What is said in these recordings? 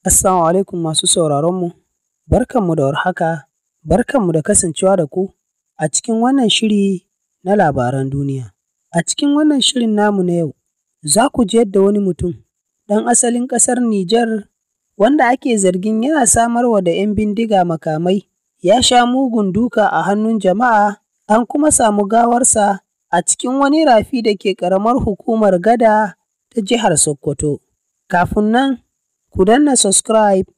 Assalamu alaikum masu sauraronmu, barkanmu da warhaka, barkanmu da kasancewa da ku a cikin wannan shiri na labaran duniya. A cikin wannan shirin namu na yau, za ku ji yadda wani mutum ɗan asalin ƙasar Nijar wanda ake zargin yana samar wa da ‘yan bindiga makamai ya sha mugun duka a hannun jama'a an kuma samu gawarsa a cikin wani rafi da ke ƙaramar hukumar Gada ta jihar Sokoto. Kafin nan, Ku danna subscribe,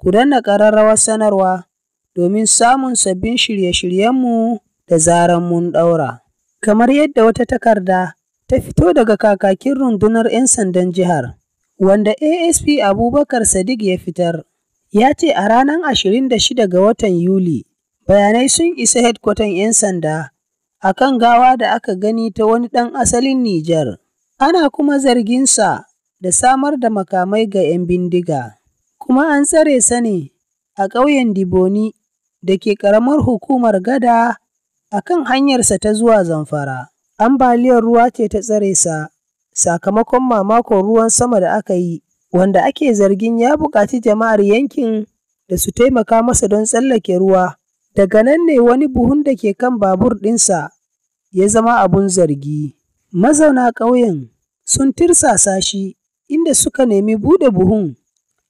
ku danna ƙararrawar sanarwa domin samun sabbin shirye-shiryenmu da zaran mun ɗaura. Kamar yadda wata takarda ta fito daga kakakin rundunar ‘yan sandan jihar, wanda ASP Abubakar Sadiq ya fitar, ya ce a ranar 26 ga watan Yuli, bayanai sun isa hedkwatan ‘yan sanda a kan gawa da aka gani ta wani ɗan asalin Nijar. Ana kuma zargin sa da samar da makamai ga ‘yan bindiga, kuma an tsare sa ne a ƙauyen Diboni da ke ƙaramar hukumar Gada a kan hanyarsa ta zuwa Zamfara. Ambaliyar ruwa ce ta tsare sa sakamakon mamakon ruwan sama da aka yi, wanda ake zargin ya buƙaci jama'ar yankin da su taimaka masa don tsallake ruwa. Daga nan ne wani buhun da ke kan babur ɗinsa ya zama abun zargi. Mazauna ƙauyen sun tirsasa shi inda suka nemi buɗe buhun,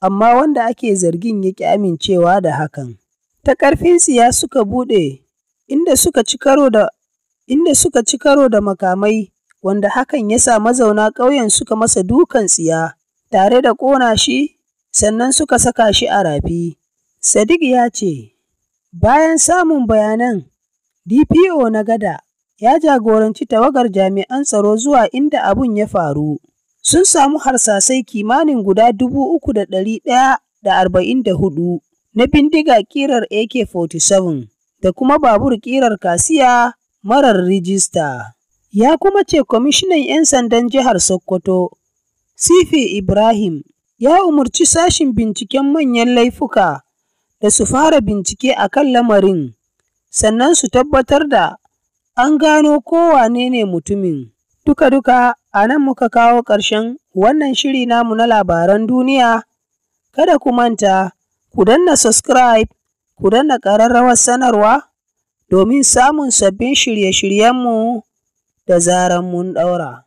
amma wanda ake zargin ya ƙi amincewa da hakan. Ta ƙarfin tsiya suka buɗe, inda suka ci karo da makamai, wanda hakan ya sa mazauna ƙauyen suka masa dukan tsiya, tare da ƙona shi, sannan suka saka shi a rafi. Sadiq ya ce, bayan samun bayanan, DPO na Gada ya jagoranci tawagar jami'an tsaro zuwa inda abun ya faru. sun samu harsasai kimanin guda dubu uku da ɗari ɗaya da arba'in da hudu na bindiga ƙirar AK-47 da kuma babur ƙirar kasiya marar rijista. Ya kuma ce kwamishinan 'yan sandan jihar Sokoto, Sifi Ibrahim, ya umarci sashin binciken manyan laifuka da su fara bincike a kan lamarin, sannan su tabbatar da an gano kowane ne mutumin. Duka-duka a nan muka kawo ƙarshen wannan shiri namu na labaran duniya. Kada ku manta, ku danna subscribe, ku danna ƙararrawar sanarwa domin samun sabbin shirye-shiryenmu da zaran mun ɗaura.